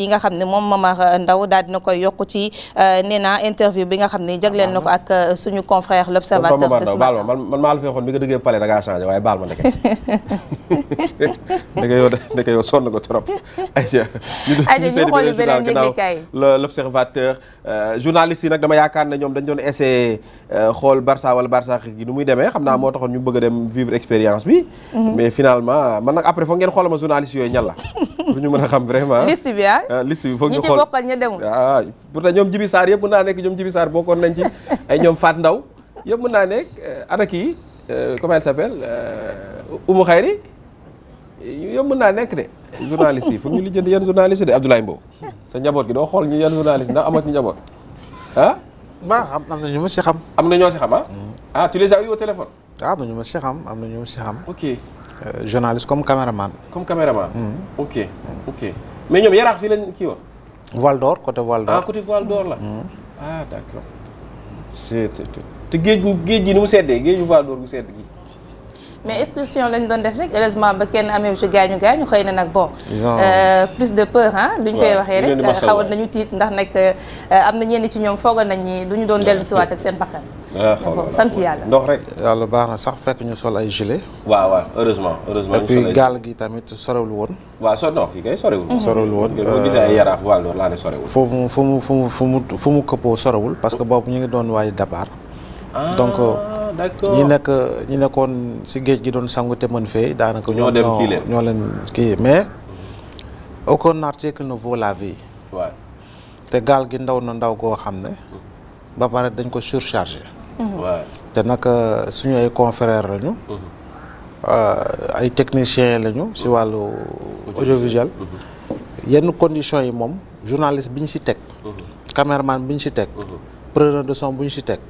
yi nga xam ne moom ma euh, Ndao daal dina koy yokk ci euh, nee interview bi nga xam ne leen na ko ak euh, suñu confrère l'observateur de ce matin baal ma man maa la fi waxoon bi nga dëggee palais da ngaa changé waaye baal ma ndeke ndeke yow ndeke yow sonn ko trop ayca ñu xooli beneen yëglekaay l'observateur journaliste yi nag dama yaakaar ne ñoom dañ doon essayé xool Barça wala Barça gi nu muy demee xam naa moo taxoon ñu bëgg a dem vivre expérience bi mhm. mais finalement man nag après foog ngeen xoolal ma journaliste yooyu ñan la pour ñu mën a xam vraiment Ah, liste bi foog ñu xool ñi ci bokkal ñu ah, ah, ñoom Jibi Sarr yëpp naa nekk ñoom Jibi Sarr bokkoon nañ ci ay ñoom faat Ndaw yëpp mën naa nekk eh, ana kii eh, comment elle s'appelle eh, Oumou Khayri naa nekk de journaliste yi foog ñu lijjanti yenn journaliste de Abdoulaye Mbow sa njaboot gi doo xool ñu yenn journaliste ndax amoo ci njaboot ah waaw am am na ñu si xam am na ñoo si xam ah mm. ah tu am na ñu si xam am na ñu ma ok euh, journaliste comme caméraman comme caméraman mm. ok mm. mais ñoom yaraax fii lañ kii woon. Val d'Or côté Val d'Or ah côté Val door la. Hmm. ah d'accord. c'est te géej gu géej gi ni mu géej géeju Val d'Or gu sedd gi. mais excursion lañ doon def rek heureusement ba kenn amee ci gaañu gaañu xëy na nag bon. Euh, plus de peur ah. bi ñu koy waxee rek xawoon nañu tiit ndax nag euh, am na ñenn ci ñoom foogoon nañ ni du ñu doon dellu si waat ak seen bakkan. waaw sant yàlla. ndox rek yàlla baax na sax fekk ñu sol ay gilet. waaw waaw heureusement heureusement. ñu gaal gi tamit sorewul woon. waaw so non fii kay sorewul. Mhm. sorewul woon boo euh, gisee ay yaraaf wàll laa ne fu mu fu mu fu mu fu mu këppoo sorewul parce que boobu ñu ngi doon waaj départ ah. donc. d'accord ñi nekk ñu nekkoon si géej gi doon sangu te mën fee daanaka. ñoo dem ñoo leen kii mais. aucun article ne vaut la te gaal gi ndaw na ndaw koo xam ne. ba pare dañ ko surchargé. waaw mm-hmm. te nag euh, suñu ay confrères lañu. Mm-hmm. Euh, ay techniciens lañu si mm-hmm. wàllu audiovisuel. yenn conditions yi moom journaliste bi ñu si teg. caméraman bi ñu si teg. preneur de son bu ñu si teg.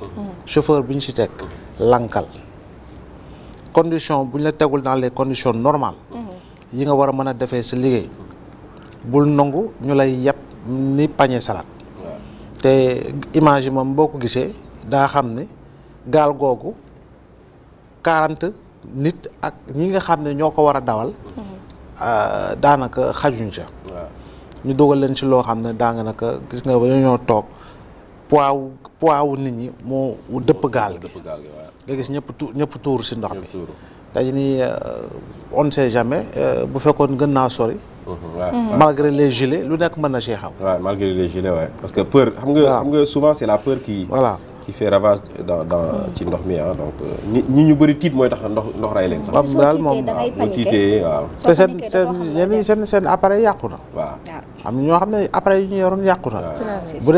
chauffeur bi ñu si teg. lankal condition bu ñu la tegul dans les condition normales mm-hmm. yi nga war a mën a defee sa liggéey bul nangu ñu lay yeb ni pañe salade te image moom boo ko gisee daa xam ne gaal googu quarante nit ak ñi nga xam ne ñoo ko war a dawal mm-hmm. euh, daanaka xajuñ ca ñu dugal leen ci loo xam ne daanga naka gis nga ba ñoo toog poids wu poids wu nit ñi moo dëpp gaal gi nga gis ñëpp tu ñëpp tuuru si ndox bi dañu ni on ne sait jamais euh, bu fekkoon gën naa sori mmh. malgré les gilets lu nekk mën na see xaw waaw malgré les gilets waaw que peur xam nga xam nga souvent c'est la peur qui voilà qui fait ravage dans dans mi ah euh, nit ñi ñu bëri tiit mooy tax ndox ndox ray leen sax. daal moom bu tiitee waaw. te seen seen ñenn seen seen appareil yàqu na. am ñoo xam ne appareil yi ñu yoroon yàqu na. bu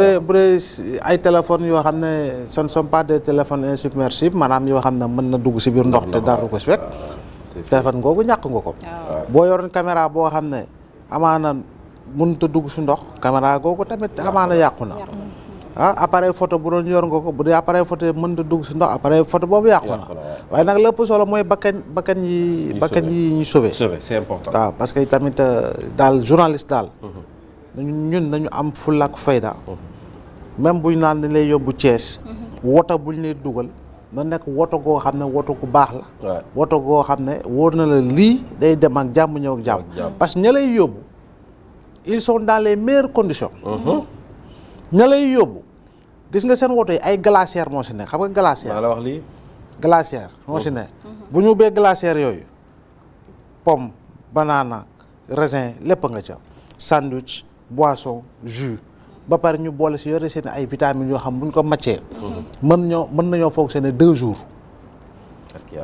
dee bu dee ay téléphones yoo xam ne ce ne sont pas des téléphones insubmersibles maanaam yoo xam ne mën na dugg si biir ndox te dara ko si fekk. téléphone ngoogu ñàkk nga ko. boo yoroon caméra boo xam ne amaana mënut a dugg si ndox. caméra googu tamit amaana yàqu na. ah appareil photo bu doon yor nga ko bu dee appareil photo mënut a dugg si ndox appareil photo boobu yàqu na waaye nag lépp solo mooy bakkan bakkan yi bakkan yi ñu sauvé sauvé c'est important waaw parce que tamit euh, daal journaliste daal mhm. ñun nañu am fulak fayda mhm. même buñ naan lay yóbbu Thiès mhm. woto buñ lay dugal na nekk woto goo xam ne woto gu baax la woto goo xam ne wóor na la lii day dem ak jàmm ñëw ak jàmm parce que ña lay yóbbu ils sont dans les meilleures conditions ña lay yóbbu gis nga seen woto yi ay glacière moo si ne xam nga glacière. maa la moo si ne. bu ñu ubbee glacière yooyu pom banana raisin lépp nga ca sandwich boisson jus ba pare ñu boole si yore seen ay vitamines yoo xam bu ñu ko màccee. Mhm. mën ñoo mën nañoo seen deux jours.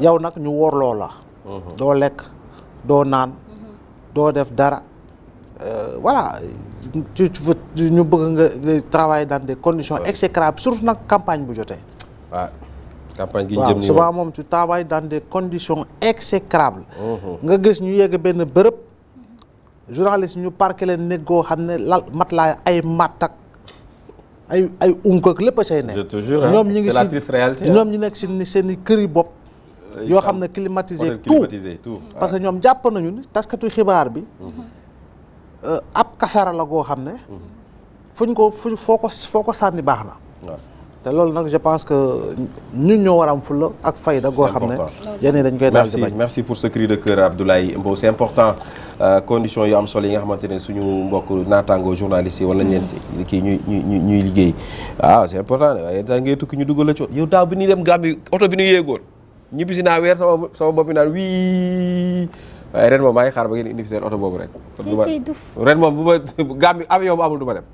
yow nag ñu wóor loola. Mhm. doo lekk doo naan. Mhm. doo def dara. Euh, voilà tu tu ñu bëgg nga travailler dans des conditions exécrables surtout nag campagne bu jotee. waaw campagne gi ñu moom tu travailles dans des conditions exécrables. Mhm. nga gis ñu yegg benn bërëb. journaliste ñu parqué leen néeg goo xam ne lal mat laa ay matt ak ay ay unk ak lépp a cay ne. je ñoom ñu ngi si c'est ñoom ñu nekk si seen i kër yi bopp. yoo xam ne climatisé tout tout parce que ñoom jàpp nañu ni taskatu xibaar bi. Mhm. Euh, ab kasara la goo xam ne. Mhm. fu ñu ko fu foo ko foo ko sànni baax na. te loolu nag je pense que ñu ñoo war a am fulla ak fayda goo xam ne yenn dañ koy daal di bañ merci pour ce cri de cœur Abdoulaye Mbow c'est important euh, condition yu am solo yi nga xamante ne suñu mbokk naataangoo journalistes yi wala ñeen mm. kii ñuy ñuy ñuy liggéey waaw ah, c'est important waaye da tukki ñu dugg la ci yow daaw bi ñuy dem Gambie oto bi ñu yéegoon ñibbisi naa weer sama sama bopp naan wii waaye ren moom maa ngi xaar ba ngeen indi fi oto boobu rek reen moom bu ma Gambie avion bu amul du ma dem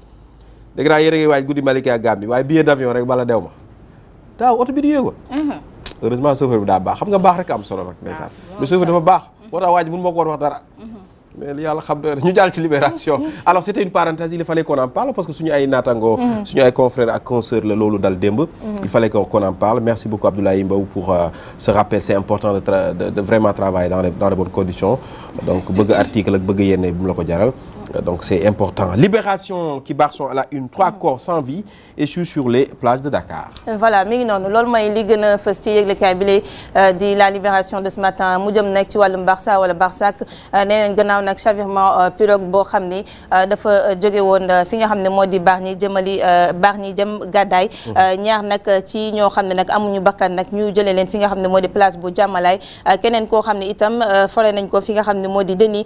dégg naa yéen a ngi waaj guddi a ak Gambie waaye billet d'avion rek bala dew ma daaw oto bi di yéego mhm. heureusement bi daa baax xam nga baax rek am solo nag ndeysaan ah, mais chauffeur dafa baax moo tax waaj mun ma ko woon wax dara mhm. mais yàlla xam doy ñu jàll ci libération mhm. alors c'était une parenthèse il fallait qu'on en parle que suñu ay naataango suñu ay confrères ak consoeurs la loolu dal démb il fallait qu'on en parle merci euh, de, de, de donc bëgg article ak bëgg yenn bu mu la ko jaral Euh, donc c'est important Libération qui barre à mm. sans vie échouent sur les plages de Dakar. Euh, voilà mi ngi noonu loolu mooy li gën a fës ci yëglekaay bi la euh, di la Libération de ce matin mu jëm nekk ci wàllum Barça wala Barsak nee nañ gannaaw nag chavirement pirogue boo xam ni dafa jóge woon fi nga xam ne moo di baax ñi jëmali baax ñi jëm gàddaay. Mm-hmm. ñaar nag ci ñoo xam ne nag amuñu bakkan nag ñu jëlee leen fi nga xam ne moo di place bu jàmmalaay keneen koo xam ne itam fole nañ ko fi nga xam ne moo di deni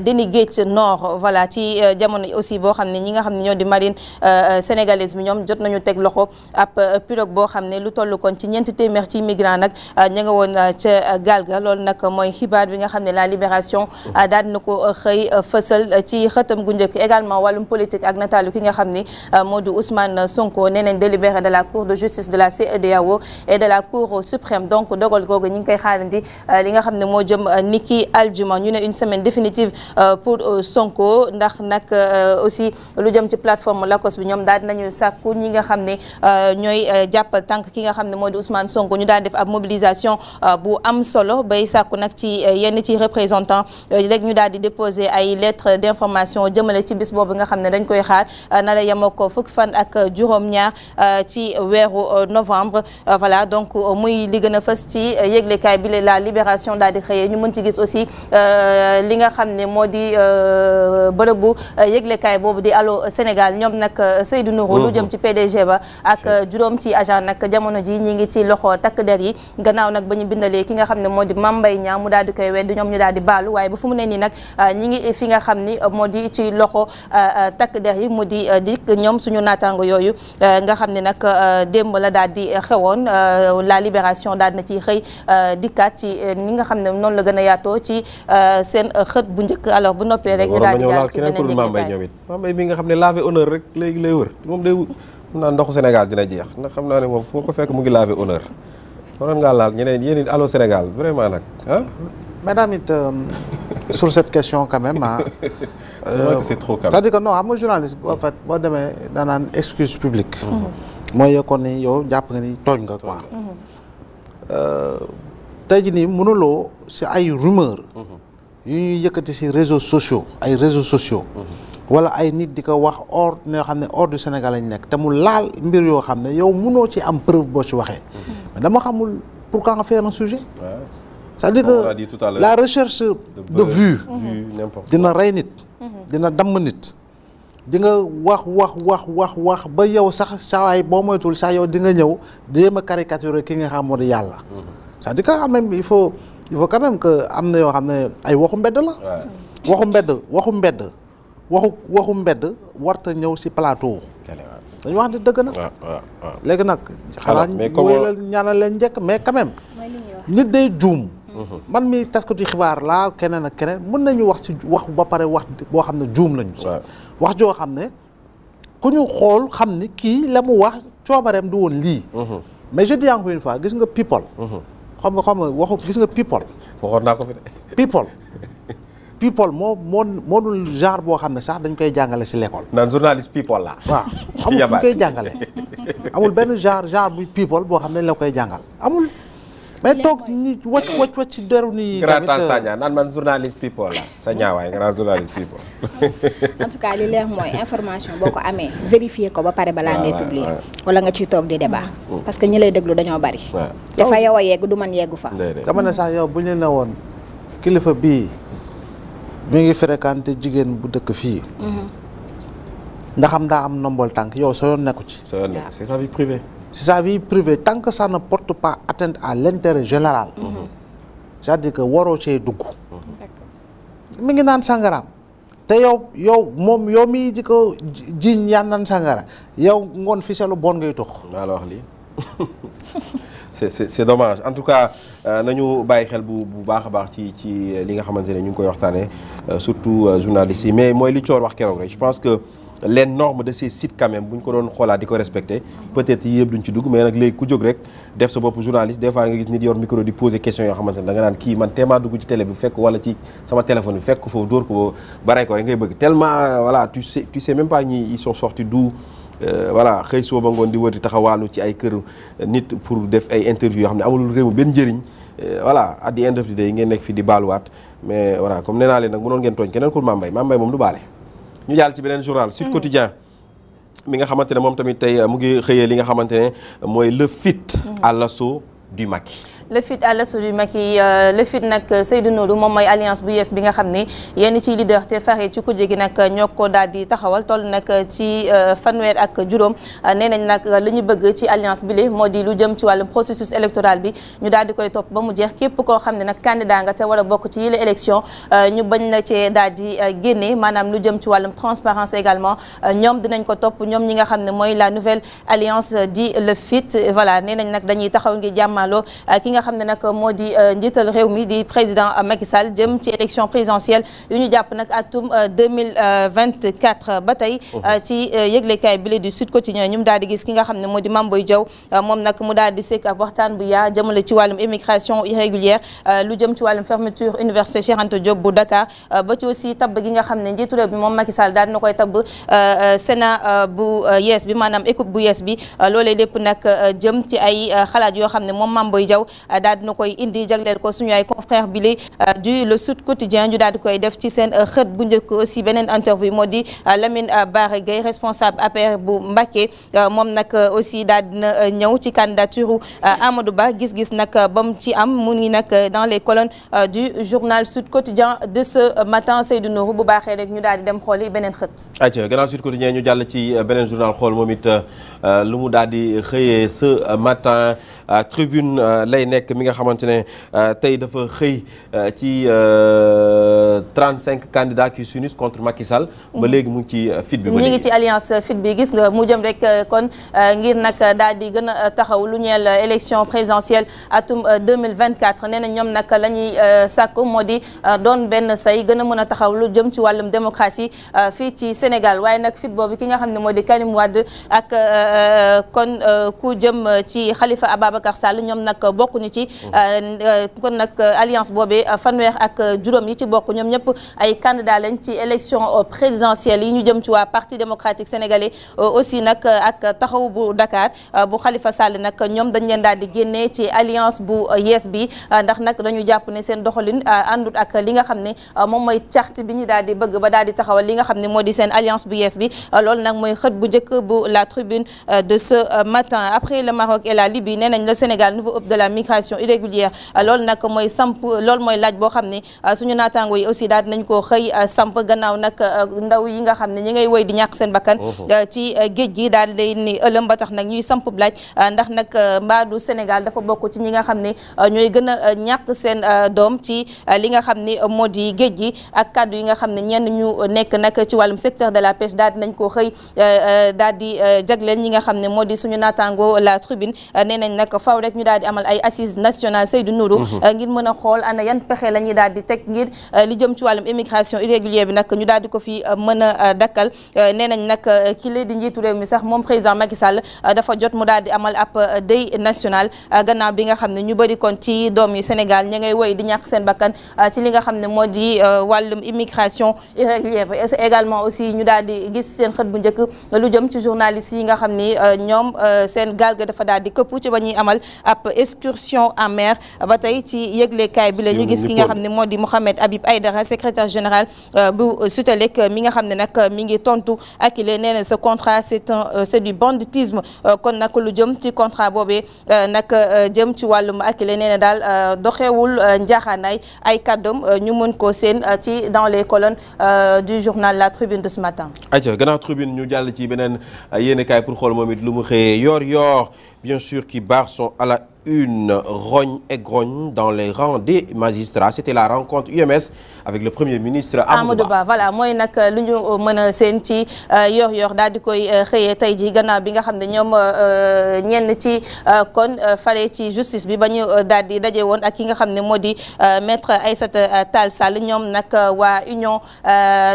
deni géej nord voilà. voilà ci euh, jamono aussi boo xam ne ñi nga xam ne ñoo di marine euh, euh, sénégalaise bi ñoom jot nañu teg loxo ab pirogue boo xam ne lu toll koon ci ñeenti téeméer ci migrant nag ña nga woon ca gaal ga loolu nag mooy xibaar bi nga xam ne la libération daal na ko xëy fësal ci xëtam gu njëkk également wàllum politique ak nataalu ki nga xam ne moo di Ousmane Sonko nee nañ délibéré de la cour de justice de la CEDEAO et de la cour suprême donc dogal googu ñi ngi koy xaarandi li nga xam ne moo jëm niki aljuma ñu ne une semaine définitive pour ndax nag euh, aussi lu jëm ci plateforme LACOS bi ñoom daal dinañu sàkku ñi nga xam ne euh, ñooy euh, jàppal tànk ki nga xam ne moo di Ousmane Sonko ñu daal def ab mobilisation bu am solo bay sàkku nag ci yenn ci représentant léegi ñu daal di déposer ay lettres d'information jëmale ci bis boobu nga xam ne dañ koy xaar na la yemoo ko fan ak juróom-ñaar ci weeru novembre voilà donc muy li gën a fës ci yëglekaay bi la libération daal di xëyee ñu mën ci gis aussi li nga xam ne moo di bu euh, yëglekaay boobu di Allô euh, Sénégal ñoom nag euh, Seydou Nourou lu mhm. jëm ci PDG ba ak juróom ci agent nag jamono ji ñi ngi ci loxo takk der yi gannaaw nag ba ñu bindalee ki nga xam ne moo di Mame Mbaye Niang mu daal di ñoom ñu daal di baalu ba fu mu ne nii ngi fi nga xam ni moo di ci loxo takk der yi mu di dik ñoom suñu naataango yooyu nga xam ni nag démb la daal di xewoon la libération daal na ci xëy dikkaat ci ni nga xam ne noonu la gën a yaatoo ci seen xët bu njëkk alors bu noppee rek ñu daal di ak keneen ku dul Mame Mbaye ñoom it Mame Mbaye mi nga xam ne lavé honneur rek léegi lay wër moom day xam naa ndoxu Sénégal dina jeex ndax xam naa ne moom foo ko fekk mu ngi lavé honneur waroon ngaa laal ñeneen yéen it allo Sénégal vraiment nag ah madame it sur cette question quand même ah que non xam nga boo demee daanaan excuse publique mooy yow ni yow jàpp nga ni tooñ nga quoi tey jii nii mënuloo si ay rumeur yu ñuy yëkkati ci réseaux sociaux ay réseaux sociaux. Mm-hmm. wala ay nit di ko wax hors ñoo xam ne ord du Sénégal lañ nekk te mu laal mbir yoo xam ne yow mënoo ci am preuve boo ci waxee. Mm-hmm. dama xamul pourquoi nga faire un sujet. cest à que la recherche de vue dina rey nit mm-hmm. dina damm nit di nga wax wax wax wax wax ba yow sax sawaay boo moytul sax yow di nga ñëw di jéem a caricaturer ki nga xam moo di yàlla c'est-à-dire que il faut il faut quand am na yoo xam ne ay waxu mbedd la. waxu mbedd waxu mbedd waxu waxu mbedd warta ñëw si plateau. dañu wax ne dëgg nag. léegi nag. xanaa wéyal leen njëkk mais quand même. nit day juum. Mhm. man mi di xibaar laa keneen ak keneen mën nañu wax si wax ba pare wax boo xam ne juum lañu. wax joo xam ne ku ñu xool xam ni kii la mu wax coobareem du woon lii. Mhm. mais je dis encore une fois gis nga people. Mhm. xam nga xam nga waxu gis nga people. waxoon naa ko fi de. people people moo moo moo genre boo xam ne sax dañ koy jàngale si lekkool naan journaliste people la. waaw amul fu ñu koy jàngale amul benn genre genre bu people boo xam ne dañ la koy jàngal amul. mais toog wacc wacc wacc ci deru ni grand euh. tantagna naan man journaliste people la sa ñaawaay grand journaliste people en tout cas li leer mooy information boo ko amee vérifier ko ba pare balaa ngay publier wala nga ciy toog di débat mm. parce que ñi lay déglu dañoo bari dafa yow a yegg du man yeggu fa dama ne sax yow bu ñu ne woon kilifa bii mi ngi fréquenté jigéen bu dëkk fii mm-hmm. ndax am daa am nombol tànk yow soo yoon nekku ci sa c'est sa vie privée tant que ça porte pas atteinte à l'intérêt général mhm. cest à que waroo cee dugg mhm. mi ngi naan sangaraam te yow yow moom yow mii di ko jiiñ yaa naan sangara yow ngoon fi selu bon ngay tox maa la wax lii c'est c'est c'est dommage en tout cas euh, nañu bàyyi xel bu bu baax a baax ci ci li nga xamante ne ñu ngi koy waxtaanee euh, surtout euh, journalistes yi mais mooy li Thior wax keroog rek je pense que les normes de ces sites quand même bu ñu ko doon xoolaat di ko respecté peut-être yi yëpp duñ ci dugg mais nag léegi ku jóg rek def sa bopp journaliste des fois nga gis nit yor micro di poser question yoo xamante ne da nga naan kii man tellement dugg ci télé bi fekk wala ci sama téléphone bi fekk foofu dóor ko ba barey ko rek ngay bëgg tellement euh, voilà tu sais tu sais même pas ñi ils sont sortis d'où euh, xëy soo ngoon di wër taxawaalu ci ay kër nit pour def ay interview yoo xam ne amulul njëriñ euh, voilà at the end of the day ngeen nekk fi di baaluwaat ñu jàll ci beneen journal Sud hmm. Quotidien mi nga xamante ne moom tamit tey mu ngi xëyee li nga xamante ne mooy le fit hmm. à l'assaut du Macky le FUT à l'assaut du Macky euh, le FUT nag Seydou Nourou moom mooy alliance bu yees bi nga xam ne yenn ciy leader te fare ci kujje gi nag ñoo ko daal di taxawal toll nag ci euh, fanweer ak juróom euh, nee nañ nag li ñu bëgg ci alliance bi li moo di lu jëm ci wàllum processus électoral bi ñu daal di koy topp ba mu jeex képp koo xam ne nag candidat nga te war a bokk ci yile élection ñu bañ la cee dal di génne maanaam lu jëm ci wàllum transparence également ñoom dinañ ko topp ñoom ñi nga xam ne mooy la nouvelle alliance di le FUT voilà nee nañ nag dañuy taxaw ngi jàmmaloo nga xam ne nag moo di euh, njiital réew mi di président euh, Macky Sall jëm ci élection présidentielle yu ñu jàpp nag atum 2024 euh, ba tey oh. ci yëglekaay bi di Sud Quotidien ñu daal di gis ki nga xam ne moo di Mame Boye Diaw moom nag mu daal di sek ab waxtaan bu yaa jëmale ci wàllum immigration irrégulière lu jëm ci wàllum fermeture université Cheikh Anta Diop bu Dakar ba ci aussi tabb gi nga xam ne njiitu réew bi moom Macky Sall daal na koy tabb Sénat bu yees bi maanaam équipe bu yees bi loolee lépp nag jëm ci ay xalaat yoo xam ne moom Mame Boye daal dina koy indi jagleel ko suñu ay confrère bi li euh, du le Sud Quotidien ñu daal koy def ci seen euh, xët bu njëkk aussi beneen interview moo di euh, Lamine Bara Gueye responsable APR bu Mbacké moom nag aussi daal dina ñëw ci candidature Amadou Ba gis-gis nag ba mu ci am mu ngi nag dans les colonnes du journal Sud Quotidien de ce matin Seydou Nourou bu baaxee rek ñu daal di dem xool beneen xët. ayca gannaaw Sud Quotidien ñu jàll ci beneen journal xool moom it lu mu daal di xëyee ce matin Seck mi nga xamante ne euh, tey dafa xëy euh, ci 35 euh, candidats qui s'unissent contre Macky Sall. ba mhm. léegi mu ci fit bi. ñu ngi ci alliance fit bi gis nga mu jëm rek kon ngir nag daal di gën a taxaw lu ñeel élection présidentielle atum 2024 nee na ñoom nag la ñuy sàkku moo di doon benn say gën a mën a taxaw lu jëm ci wàllum démocratie fii ci Sénégal waaye nag fit boobu ki nga xam ne moo di Karim Wade ak kon ku jëm ci Khalifa Ababacar Sall ñoom nag bokk bokkuñu ci euh, euh, kon nag euh, alliance boobee fanweer ak juróom yi ci bokk ñoom ñëpp ay candidat lañ ci élection présidentielle yi ñu jëm ci waa parti démocratique sénégalais aussi nag ak taxaw bu Dakar bu xalifa Sall nag ñoom dañ leen daal di génnee ci alliance bu yees bi ndax nag dañu jàpp ne seen doxalin àndut ak li nga xam ne moom mooy carte bi ñu daal di bëgg ba daal di taxawal li nga xam ne moo di seen alliance bu yees bi loolu nag mooy xët bu jëkk bu la tribune de ce matin après le Maroc et la Libye nee nañ la migration immigration irrégulière loolu nag mooy samp loolu mooy laaj boo xam ne ah, suñu naataango yi aussi daal nañ koo xëy ah, samp gannaaw nag ah, ndaw yi nga xam ne ñi ngay woy di ñàkk seen bakkan ci géej gi daal day ni ëlëm ba tax nag ñuy samp laaj ndax nag mbaadu Sénégal dafa bokk ci ñi nga xam ne ñooy gën a ñàkk seen doom ci li nga xam ne moo di géej gi ak kaddu yi nga xam ne ñenn ñu nekk nag ci wàllum secteur de la pêche daal dinañ koo xëy daal di jagleen ñi nga xam ne moo di suñu naataango la tribune nee nañ nag faw rek ñu daal amal ay assise nationale Seydou Nourou mhm. euh, ngir mën a xool ana yan pexe la ñuy teg ngir euh, li jëm ci wàllum immigration irrégulière bi nag ñu daal ko fi euh, mën a dakkal nee nañ nag ki lee di njiitu réew mi sax moom président Macky Sall dafa jot mu daal di amal ab deuil national gannaaw bi nga xam ne ñu bëri kon ci doom yi Sénégal ña ngay woy di ñàkk seen bakkan ci li nga xam ne moo di wàllum immigration irrégulière bi et également aussi ñu daal di gis seen xët bu njëkk lu jëm ci journalistes yi nga xam ni ñoom seen gaal ga dafa daal pollution en mer tey ci yëglekaay bi la ñu gis ki nga xam ne moo di Mouhamed Habib Aïdara secrétaire général euh, bu Sutelec euh, mi nga xam ne nag euh, mi ngi tontu ak il nee na ce contrat c'est un c'est du banditisme kon nag lu jëm ci contrat boobe nag jëm ci wàllum ak il daal doxewul njaaxaanaay ay kàddoom ñu mën ko seen ci dans les colonnes du journal La Tribune de ce matin. ayca gannaaw tribune ñu jàll ci beneen yéenekaay pour xool moom it lu mu xëyee yor-yor bien sûr une rogne et grogne dans les rangs des magistrats c'était la rencontre UMS avec le premier ministre Amadou Ba voilà mooy nag lu ñu euh, mën a seen ci euh, yor yor daal di koy euh, xëyee tey ji gannaaw bi nga xam ne ñoom ñenn ci kon fale ci justice bi ba ñu daal di daje woon ak ki nga xam ne moo di maître Aïssata Tall Sall ñoom nag waa union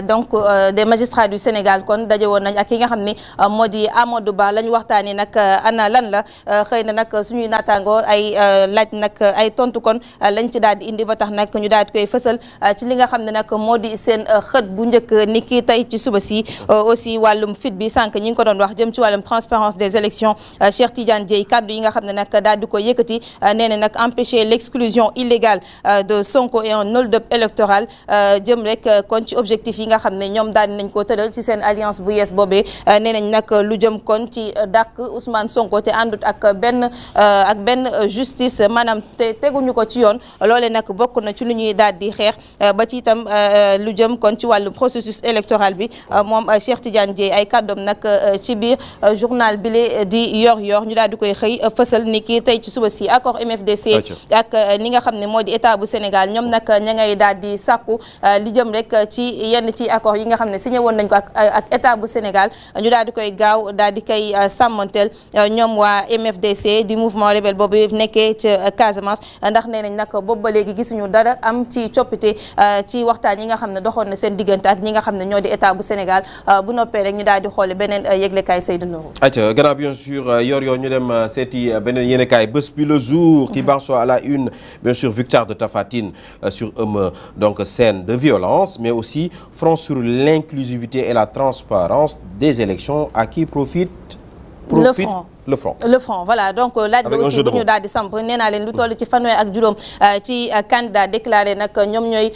donc des magistrats du Sénégal kon daje woon nañ ak ki nga xam ne moo di Amadou Ba la ñu waxtaanee nag ana lan la xëy na nag suñuy naataango ko ay euh, laaj nag euh, ay tontu kon euh, lañ ci daal di indi ba tax nag ñu daal di koy fësal ci li nga xam ne nag moo di seen xët bu njëkk ni ki tey ci suba si aussi wàllum fit bi sànq ñi ngi ko doon wax jëm ci wàllum transparence des élections Cheikh Tidiane Dieye kaddu yi nga xam ne nag daal di ko yëkkati nee na nag empêcher l'exclusion illégale de Sonko et un hold-up électoral jëm rek kon ci objectif yi nga xam ne ñoom daal di nañ ko tëral ci seen alliance bu yees boobee nee nañ nag lu jëm kon ci dàq Ousmane Sonko te àndut seen euh, justice maanaam te teguñu ko ci yoon loole nag bokk na ci lu ñuy daal di xeex euh, ba ci itam euh, lu jëm kon ci wàllu processus électoral bi moom Cheikh Tidiane Dièye ay kàddoom nag ci biir journal bi di yor yor ñu daal di koy xëy fësal ni ki tey ci suba si accord MFDC ak li nga xam ne moo di état bu Sénégal ñoom nag ña ngay daal di sàkku li jëm rek ci yenn ci accord yi nga xam ne si woon nañ ko ak état bu Sénégal ñu daal di koy gaaw daal di koy ñoom waa bi nekkee ca Casamance ndax nee nañ nag boobu ba léegi gisuñu dara am ci coppite euh, ci waxtaan yi nga xam ne doxoon na seen diggante ak ñi nga xam ne ñoo di état bu Sénégal euh, bu noppee rek ñu daal di xoole beneen euh, yëglekaay Seydou Nourou aca gannaaw bien sûr yor yoo ñu dem seeti beneen yéenekaay bés bi le jour qui barre mm-hmm. à la une bien sûr victoire de Tafatine sur Eumeu donc scène de violence mais aussi front sur l'inclusivité et la transparence des élections à qui profite profite le front. le front voilà donc euh, laaj bi aussi bu ñu daal di samp nee naa leen lu toll ci fanweer ak juróom euh, ci euh, candidat déclaré nag ñoom ñooy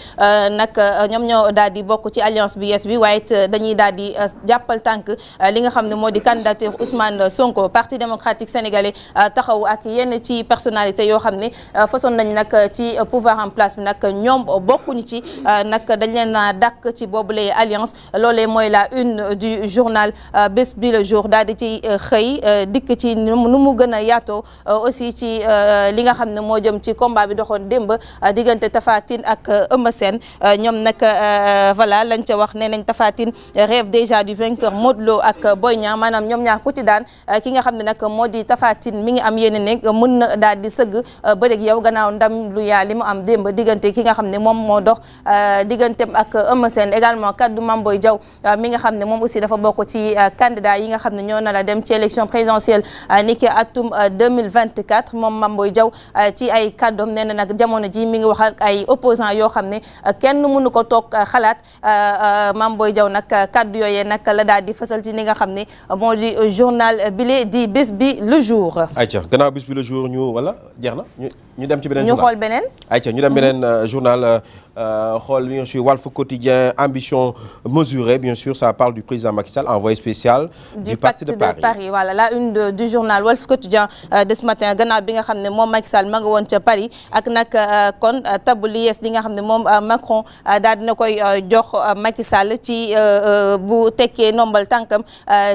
nag ñoom ñoo daal di bokk ci alliance bi yees bi waaye dañuy daal di jàppal tànk li nga xam ne moo di candidature Ousmane Sonko parti démocratique sénégalais taxaw ak yenn ci personnalité yoo xam ne façon nañ nag ci pouvoir en place bi nag ñoom bokkuñu ci nag dañ leen na dàkk ci boobule alliance loolee mooy la une du journal bés bi le daal di ci xëy dikk ci nu mu gën a yaatoo euh, aussi ci euh, li nga xam ne moo jëm ci combat bi doxoon démb euh, diggante Tapha ak Eumeu ñoom nag voilà lañ ca wax nee nañ Tapha Tine rêve déjà du vainqueur Modou Lo ak Boy Niang maanaam ñoom ñaar ku ci daan ki nga xam ne nag moo di Tapha mi ngi am yéene ne mën na daal di sëgg bëreeg yow gannaaw ndam lu yaa li mu am démb diggante ki nga xam ne moom moo dox digganteem ak Eumeu Sène également kaddu Mame Boye Diaw mi nga xam ne moom aussi dafa bokk ci candidat yi nga xam ne ñoo na a dem ci élection présidentielle Euh, ni niki atum 2024 euh, moom Mame Boye Diaw euh, ci ay kàddoom nee na nag jamono ji mi ngi wax ay opposant yoo xam ne kenn mënu ko toog xalaat Mame Boye Diaw nag kàddu yooyee nag la daal di fësal ci li nga xam ne moo di journal bile di bés bi le jour. ay gannaaw bés bi le jour ñu wala jeex na ñu dem ci beneen journal ñu xool beneen. ayca ñu dem mhm. beneen euh, journal euh, xool bien sûr Walf Quotidien ambition mesurée bien sûr ça parle du président Macky envoyé spécial. du, pacte, de Paris. voilà la une de, du journal Walf Quotidien euh, de ce matin gannaaw bi nga xam ne moom Macky Sall ma nga woon ca Paris ak nag euh, kon tabb lies yees li nga xam ne moom Macron daal dina koy jox Macky Sall ci bu tekkee nombal tànkam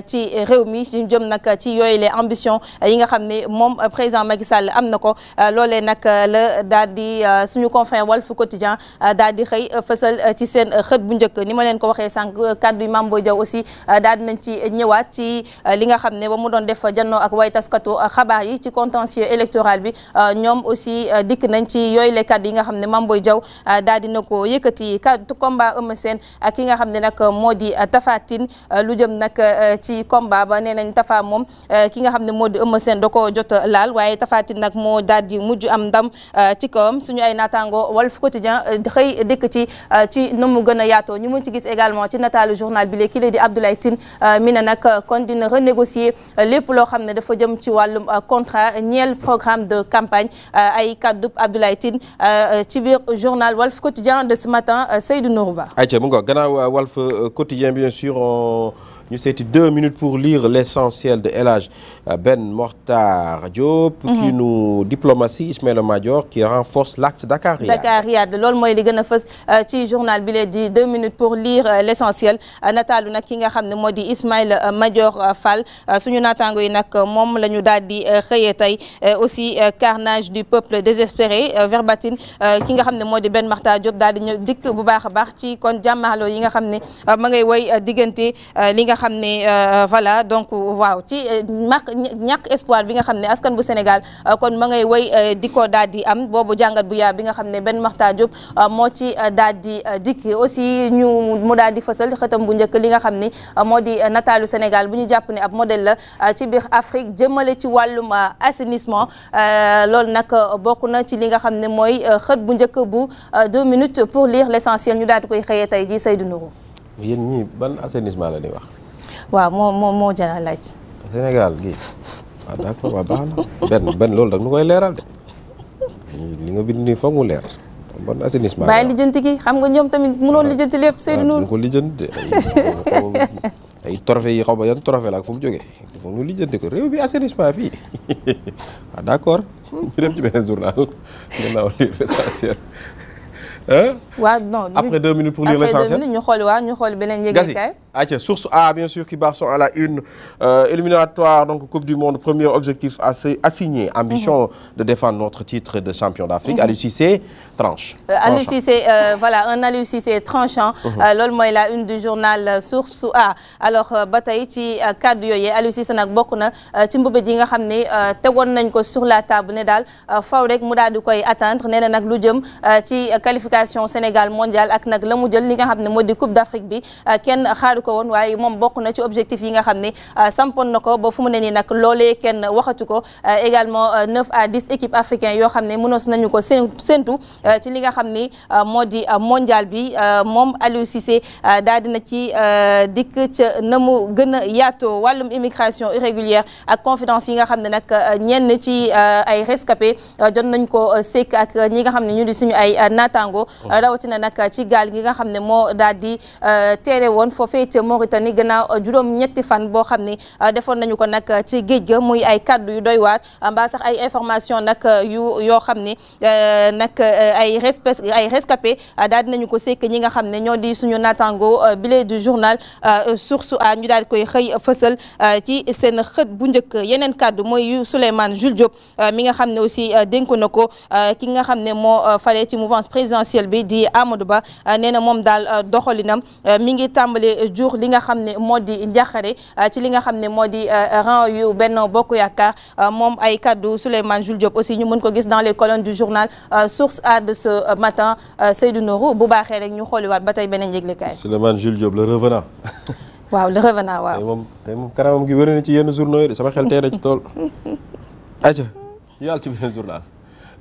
ci réew mi jëm nag ci yooyu les ambitions yi nga xam ne moom président Macky Sall am na ko loolee nag euh, la daal di euh, suñu confrère Walf Quotidien euh, daal xëy fësal ci seen xët bu njëkk ni ma leen ko waxee sànq kàddu yi Mame Boye Diaw aussi daal di nañ ci ñëwaat ci li nga xam ne ba mu doon def jannoo ak way taskatu xabaar yi ci contentieux électoral bi ñoom aussi dikk nañ ci yooyu le kàddu yi nga xam ne Mame Boye Diaw daal di na ko yëkkati kàddu combat Eumeu Sène ak ki nga xam ne nag moo di Tapha Tine lu jëm nag ci combat ba nee nañ Tapha moom ki nga xam ne moo di Eumeu Sène jot laal waaye Tapha Tine moo daal mujj am am ndam euh, ci kawam suñu ay naataango Walf Quotidien euh, di dikk ci euh, ci nu mu gën a yaatoo ñu mu ci gis également ci nataal nataalu journal bi léegi kii di Abdoulaye Tine mi ne nag kon dina renégocier lépp loo xam ne dafa jëm ci wàllum contrat ñeel programme de campagne ay kaddu Abdoulaye Tine ci biir journal Walf Quotidien de ce matin Seydou Nourou Ba. ayca mu ngoog gannaaw ñu seeti deux minutes pour lire l'essentiel de El Hadj euh, Ben Mortar Diop. Mhm. qui nous diplomatie Ismaïla Madior qui renforce l'axe Dakar Riyad. lool Riyad loolu mooy li gën a fës euh, ci journal bi lee di deux minutes pour lire euh, l'essentiel nataalu nag ki nga xam ne moo di Ismaïla Madior fal suñu naataango yi nag moom lañu ñu daal di xëyee tey aussi carnage du peuple désespéré verbatim ki nga xam ne moo di Ben Mortar Diop daal di ñëw dikk bu baax a baax ci kon jàmmaarloo yi nga xam ne ma ngay woy diggante nga xam ne euh, euh, voilà donc waaw ci euh, ñàkk ñàkk espoir bi nga xam ne askan bu Sénégal kon ma ngay woy di ko daal di am boobu jàngat bu yaa bi nga xam ne benn Makhtar Diop moo ci daal di dikki aussi ñu mu daal di fësal xëtam bu njëkk li nga xam ni moo di nataalu Sénégal bu ñu jàpp ne ab modèle la ci biir Afrique jëmmale ci wàllum assainissement loolu nag bokk na ci li nga xam ne mooy xët bu njëkk bu deux minutes pour lire l'essentiel ñu daal di koy xëyee tey jii Seydou Nourou yéen waaw moo moo moo jara laaj. Sénégal gii waaw ba waaw baax na benn benn loolu da nu koy leeral de li nga bind nii foog mu leer. bon assainissement bàyyi lijjanti gi xam nga ñoom tamit mënoon lijjanti lépp Seydou ah, Nour. ko lijjanti ay trophée yi xaw ma yan trophée la ak fu mu jógee foog ñu ko réew bi assainissement fii waaw ah, d'accord. Hmm. ñu dem ci beneen journal gannaaw li l'essentiel. waaw non après A bien sûr qui barre son euh, donc Coupe du Monde premier objectif assigné ambition mmh. de défendre notre titre de champion d'Afrique mhm. Aliou Cissé tranche euh, Aliou Cissé euh, voilà un Aliou tranchant mhm. loolu mooy la une du journal source A alors ba tey ci kaddu yooyu Aliou Cissé nag bokk na ci mbëbët yi nga xam ne tegoon nañ ko sur la table ne daal faw rek mu di koy atteindre nee na nag lu jëm invitation Sénégal mondial ak nag la li nga xam ne moo di Coupe d'Afrique bi euh, kenn xaaru ko woon waaye moom bokk na ci objectif yi nga xam ne euh, sampoon na ba fu mu ne nii nag loolee kenn waxatu ko euh, également 9 a 10 équipes africaines yo xam ne mënoos nañu ko séntu ci li nga xam ni moo di mondial bi moom Aliou Cissé daal dina ci dikk ca na mu gën a yaatoo wàllum immigration irrégulière ak confidence yi nga xam ne nag ñenn ci ay rescapé jot nañ ko sekk ak ñi nga xam ne ñu di suñu ay ko oh. rawatina nag ci gaal gi nga xam ne moo daal di euh, teere woon foofee ca Mauritanie gannaaw euh, juróom ñetti fan boo xam ne euh, defoon nañu ko nag ci géej ga muy ay kaddu yu doy waar mbaa ay information nag yu yoo xam ne nag ay respect ay rescapé daal dinañu ko sekk ñi nga xam ne ñoo di suñu natango billet du journal source a ñu daal koy xëy fësal ci seen xët bu njëkk yeneen kaddu mooy yu Souleymane Jules Diop mi nga xam ne aussi dénk na ko ki nga xam ne moo fale ci mouvance présidentielle officiel bi di Amadou Ba euh, nee na moom daal euh, doxalinam euh, mi ngi tàmbale jur li nga xam ne moo di njaxare ci li nga xam ne moo di rang yu benn Bokk Yaakaar moom ay kaddu Souleymane Jules Diop aussi ñu mën ko gis dans les colonnes du journal Source A de ce matin Seydou Nourou bu baaxee rek ñu xooliwaat ba tey beneen yëglekaay. Souleymane Jules Diop le revenant. waaw le revenant waaw. tey moom tey na ci yenn journaux yi de sama xel tey na ci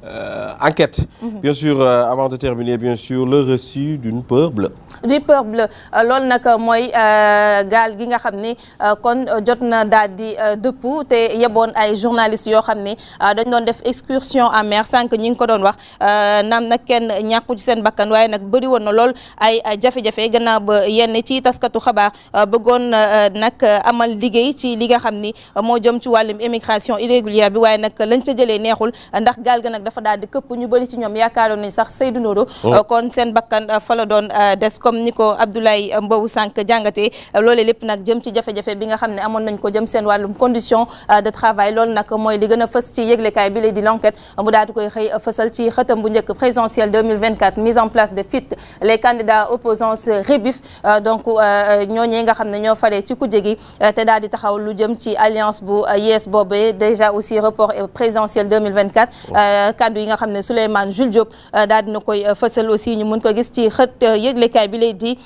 Euh, enquête. Mhm. bien sûr euh, avant de terminer bien sûr le reçu d'une peur bleue. du peur bleue euh, loolu nag mooy gaal gi nga xam ne kon jot na daal di dëpp te yeboon ay journalistes yoo xam ne dañ doon def excursion en mer sànq ñi ngi ko doon wax naam nag kenn ñàkku ci seen bakkan waaye nag bëri woon na lool ay jafe-jafe gannaaw ba yenn ci taskatu xabaar bëggoon nag amal liggéey ci li nga xam ni moo jëm ci wàllum immigration irrégulière bi waaye nag lañ ci jëlee neexul ndax gaal ga nag dafa daal di këpp ñu bëri ci ñoom yaakaaroon nañ sax Seydou oh. uh, kon seen bakkan uh, fa doon uh, des comme ni ko Abdoulaye Mbow sànq jàngatee loolee lépp nag jëm ci jafe-jafe bi nga xam ne amoon nañ ko jëm seen wàllum condition de travail loolu nag mooy li a fës ci yëglekaay bi lay di l'enquête mu daal di koy xëy fësal ci xëtam bu njëkk présidentielle 2024 mise en place de fit les candidats opposants se donc ñooñee nga xam ne ñoo faree ci kujje gi te daal di taxaw lu jëm ci alliance bu yees boobee déjà aussi report présidentielle 2024 kaddu yi xam ne Souleymane Jules Diop euh, daal dina koy euh, fësal aussi ñu mun ko gis ci xët euh, yëglekaay bi lay di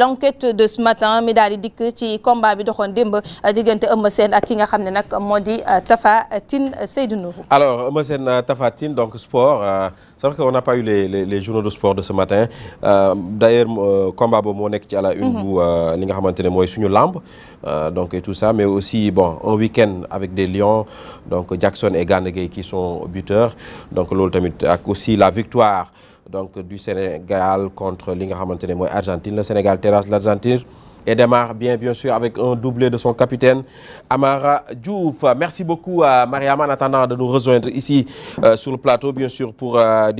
l'enquête de ce matin mi daal di dikk ci combat bi doxoon démb diggante Eumeu Sène ak ki nga xam ne nag moo di Tapha Tine Seydou Nourou alors Eumeu Sène Tapha Tine donc sport c'est que qu'on n'a pas eu les, les, journaux de sport de ce matin euh, d'ailleurs euh, combat boobu moo nekk ci à la une mhm. bu euh, li nga xamante ne mooy suñu lamb euh, donc et tout ça mais aussi bon un week-end avec des lions donc Jackson et Gana Gueye qui sont buteurs donc loolu tamit ak aussi la victoire donc du Sénégal contre linga nga xamante ne mooy Argentine le Sénégal terrasse l'Argentine et démarre bien bien sûr avec un doublé de son capitaine Amara Diouf. Merci beaucoup à Mariama en attendant de nous rejoindre ici euh, sur le plateau bien sûr pour euh,